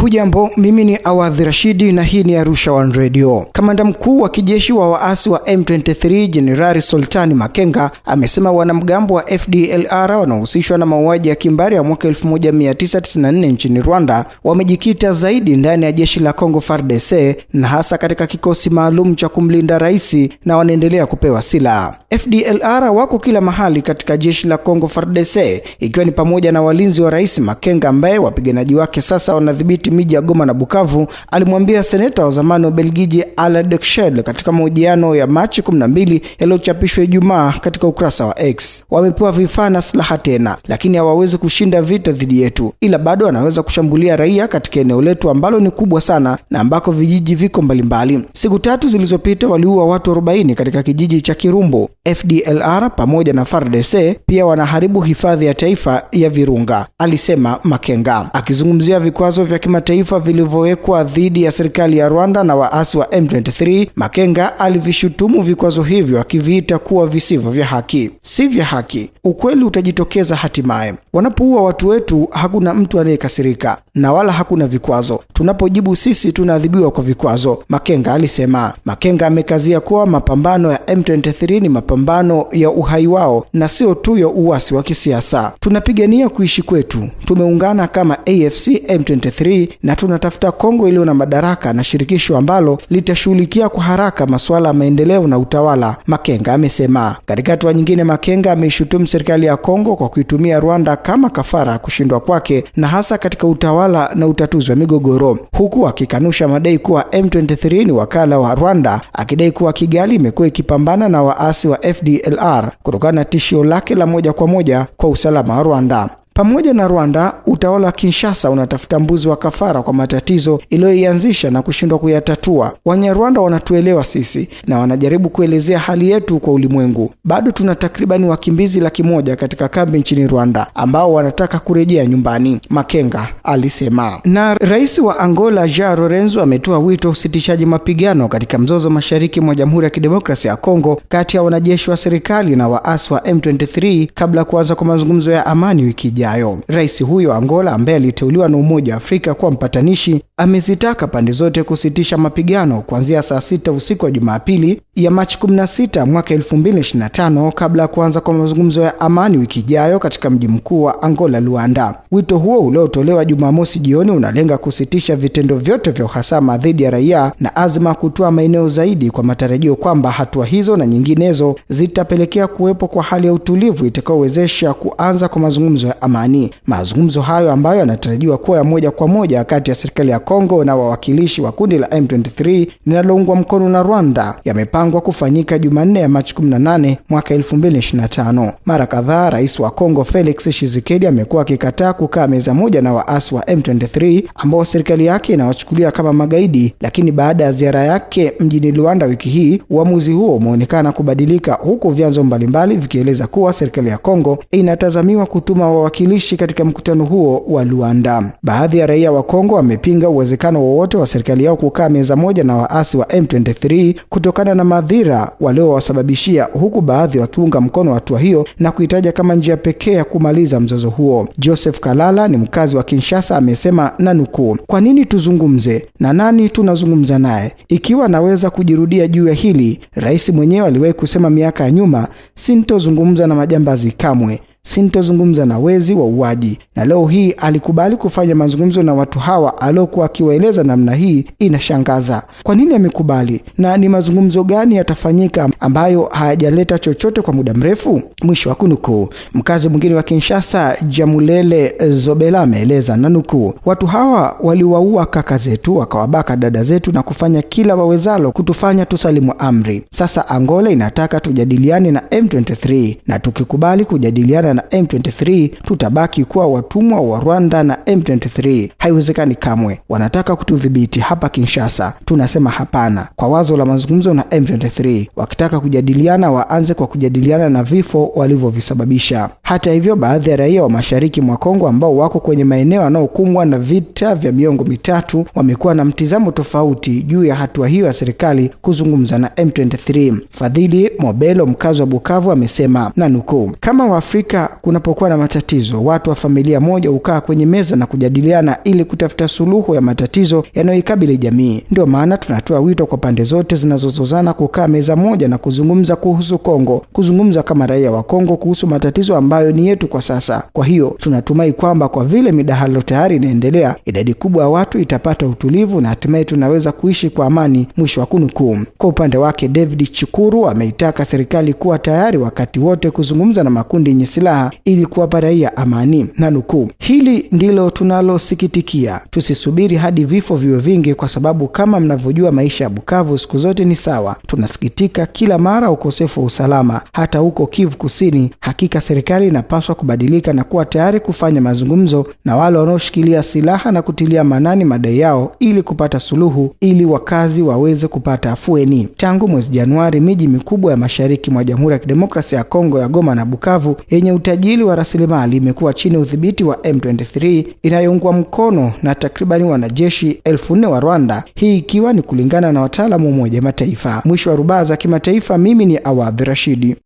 Hujambo, mimi ni Awadhi Rashidi na hii ni Arusha One Radio. Kamanda mkuu wa kijeshi wa waasi wa M23 Jenerali Sultani Makenga amesema wanamgambo wa FDLR wanaohusishwa na mauaji ya kimbari ya mwaka 1994 nchini Rwanda wamejikita zaidi ndani ya jeshi la Congo FARDC na hasa katika kikosi maalum cha kumlinda rais na wanaendelea kupewa silaha. FDLR wako kila mahali katika jeshi la congo FARDC ikiwa ni pamoja na walinzi wa Rais Makenga ambaye wapiganaji wake sasa wanadhibiti kudhibiti miji ya Goma na Bukavu, alimwambia seneta wa zamani wa Belgiji Alain Duxelles katika mahojiano ya Machi 12 yaliyochapishwa Ijumaa katika ukurasa wa X. Wamepewa vifaa na silaha tena, lakini hawawezi kushinda vita dhidi yetu, ila bado wanaweza kushambulia raia katika eneo letu ambalo ni kubwa sana na ambako vijiji viko mbalimbali. Siku tatu zilizopita waliua watu 40 katika kijiji cha Kirumbo. FDLR pamoja na FARDC pia wanaharibu hifadhi ya taifa ya Virunga, alisema Makenga akizungumzia vikwazo vya kima kimataifa vilivyowekwa dhidi ya serikali ya Rwanda na waasi wa M23, Makenga alivishutumu vikwazo hivyo akiviita kuwa visivyo vya haki. Si vya haki. Ukweli utajitokeza hatimaye. Wanapoua watu wetu hakuna mtu anayekasirika na wala hakuna vikwazo. Tunapojibu sisi tunaadhibiwa kwa vikwazo, Makenga alisema. Makenga amekazia kuwa mapambano ya M23 ni mapambano ya uhai wao na sio tu ya uasi wa kisiasa. Tunapigania kuishi kwetu, tumeungana kama AFC M23 na tunatafuta Kongo iliyo na madaraka na shirikisho ambalo litashughulikia kwa haraka masuala ya maendeleo na utawala, Makenga amesema. Katika hatua nyingine, Makenga ameishutumu serikali ya Kongo kwa kuitumia Rwanda kama kafara kushindwa kwake na hasa katika utawala utawala na utatuzi wa migogoro, huku akikanusha madai kuwa M23 ni wakala wa Rwanda, akidai kuwa Kigali imekuwa ikipambana na waasi wa FDLR kutokana na tishio lake la moja kwa moja kwa usalama wa Rwanda. Pamoja na Rwanda, utawala wa Kinshasa unatafuta mbuzi wa kafara kwa matatizo iliyoianzisha na kushindwa kuyatatua. Wanyarwanda wanatuelewa sisi na wanajaribu kuelezea hali yetu kwa ulimwengu. Bado tuna takribani wakimbizi laki moja katika kambi nchini Rwanda ambao wanataka kurejea nyumbani, Makenga alisema. Na rais wa Angola Ja Lorenzo ametoa wito wa usitishaji mapigano katika mzozo mashariki mwa Jamhuri ya Kidemokrasia ya Kongo kati ya wanajeshi wa serikali na waasi wa M23 kabla ya kuanza kwa mazungumzo ya amani wiki ijayo yajayo. Rais huyo Angola ambaye aliteuliwa na Umoja wa Afrika kuwa mpatanishi amezitaka pande zote kusitisha mapigano kuanzia saa sita usiku wa Jumapili ya Machi 16 mwaka 2025 kabla ya kuanza kwa mazungumzo ya amani wiki ijayo katika mji mkuu wa Angola Luanda. Wito huo uliotolewa Jumamosi jioni unalenga kusitisha vitendo vyote vya uhasama dhidi ya raia na azma kutoa maeneo zaidi kwa matarajio kwamba hatua hizo na nyinginezo zitapelekea kuwepo kwa hali ya utulivu itakayowezesha kuanza kwa mazungumzo ya amani amani. Mazungumzo hayo ambayo yanatarajiwa kuwa ya moja kwa moja kati ya serikali ya Kongo na wawakilishi wa kundi la M23 linaloungwa mkono na Rwanda yamepangwa kufanyika Jumanne ya Machi 18 mwaka 2025. Mara kadhaa rais wa Kongo Felix Tshisekedi amekuwa akikataa kukaa meza moja na waasi wa M23 ambao serikali yake inawachukulia kama magaidi, lakini baada ya ziara yake mjini Luanda wiki hii, uamuzi huo umeonekana kubadilika, huku vyanzo mbalimbali vikieleza kuwa serikali ya Kongo inatazamiwa kutuma wawakilishi wawakilishi katika mkutano huo wa Luanda. Baadhi ya raia wa Kongo wamepinga uwezekano wowote wa serikali yao kukaa meza moja na waasi wa M23 kutokana na madhira waliowasababishia, huku baadhi wakiunga mkono hatua hiyo na kuitaja kama njia pekee ya kumaliza mzozo huo. Joseph Kalala ni mkazi wa Kinshasa, amesema na nukuu, kwa nini tuzungumze na nani tunazungumza naye ikiwa naweza kujirudia juu ya hili? Rais mwenyewe aliwahi kusema miaka ya nyuma, sintozungumza na majambazi kamwe sintozungumza na wezi wauaji. Na leo hii alikubali kufanya mazungumzo na watu hawa aliokuwa akiwaeleza namna hii. Inashangaza kwa nini amekubali, na ni mazungumzo gani yatafanyika ambayo hayajaleta chochote kwa muda mrefu? Mwisho wa kunukuu. Mkazi mwingine wa Kinshasa, Jamulele Zobela, ameeleza na nukuu, watu hawa waliwaua kaka zetu, wakawabaka dada zetu na kufanya kila wawezalo kutufanya tusalimu amri. Sasa Angola inataka tujadiliane na M23 na tukikubali kujadiliana Uganda na M23 tutabaki kuwa watumwa wa Rwanda na M23. Haiwezekani kamwe. Wanataka kutudhibiti hapa Kinshasa. Tunasema hapana kwa wazo la mazungumzo na M23. Wakitaka kujadiliana, waanze kwa kujadiliana na vifo walivyovisababisha. Hata hivyo, baadhi ya raia wa mashariki mwa Kongo ambao wako kwenye maeneo yanayokumbwa na vita vya miongo mitatu wamekuwa na mtizamo tofauti juu ya hatua hiyo ya serikali kuzungumza na M23. Fadhili Mobelo, mkazi wa Bukavu, amesema na nukuu, kama Waafrika kila kunapokuwa na matatizo, watu wa familia moja hukaa kwenye meza na kujadiliana ili kutafuta suluhu ya matatizo yanayoikabili jamii. Ndio maana tunatoa wito kwa pande zote zinazozozana kukaa meza moja na kuzungumza kuhusu Kongo, kuzungumza kama raia wa Kongo kuhusu matatizo ambayo ni yetu kwa sasa. Kwa hiyo tunatumai kwamba kwa vile midahalo tayari inaendelea, idadi kubwa ya watu itapata utulivu na hatimaye tunaweza kuishi kwa amani, mwisho wa kunukuu. Kwa upande wake, David Chikuru ameitaka serikali kuwa tayari wakati wote kuzungumza na makundi yenye silaha silaha ili kuwapa raia amani, na nukuu, hili ndilo tunalosikitikia, tusisubiri hadi vifo viwe vingi, kwa sababu kama mnavyojua, maisha ya Bukavu siku zote ni sawa. Tunasikitika kila mara ukosefu wa usalama, hata huko Kivu Kusini. Hakika serikali inapaswa kubadilika na kuwa tayari kufanya mazungumzo na wale wanaoshikilia silaha na kutilia manani madai yao ili kupata suluhu, ili wakazi waweze kupata afueni. Tangu mwezi Januari, miji mikubwa ya mashariki mwa Jamhuri ya Kidemokrasia ya Kongo ya Goma na Bukavu yenye utajiri wa rasilimali imekuwa chini ya udhibiti wa M23 inayoungwa mkono na takribani wanajeshi elfu nne wa Rwanda, hii ikiwa ni kulingana na wataalamu wa Umoja Mataifa. Mwisho wa rubaa za kimataifa. Mimi ni Awadhi Rashidi.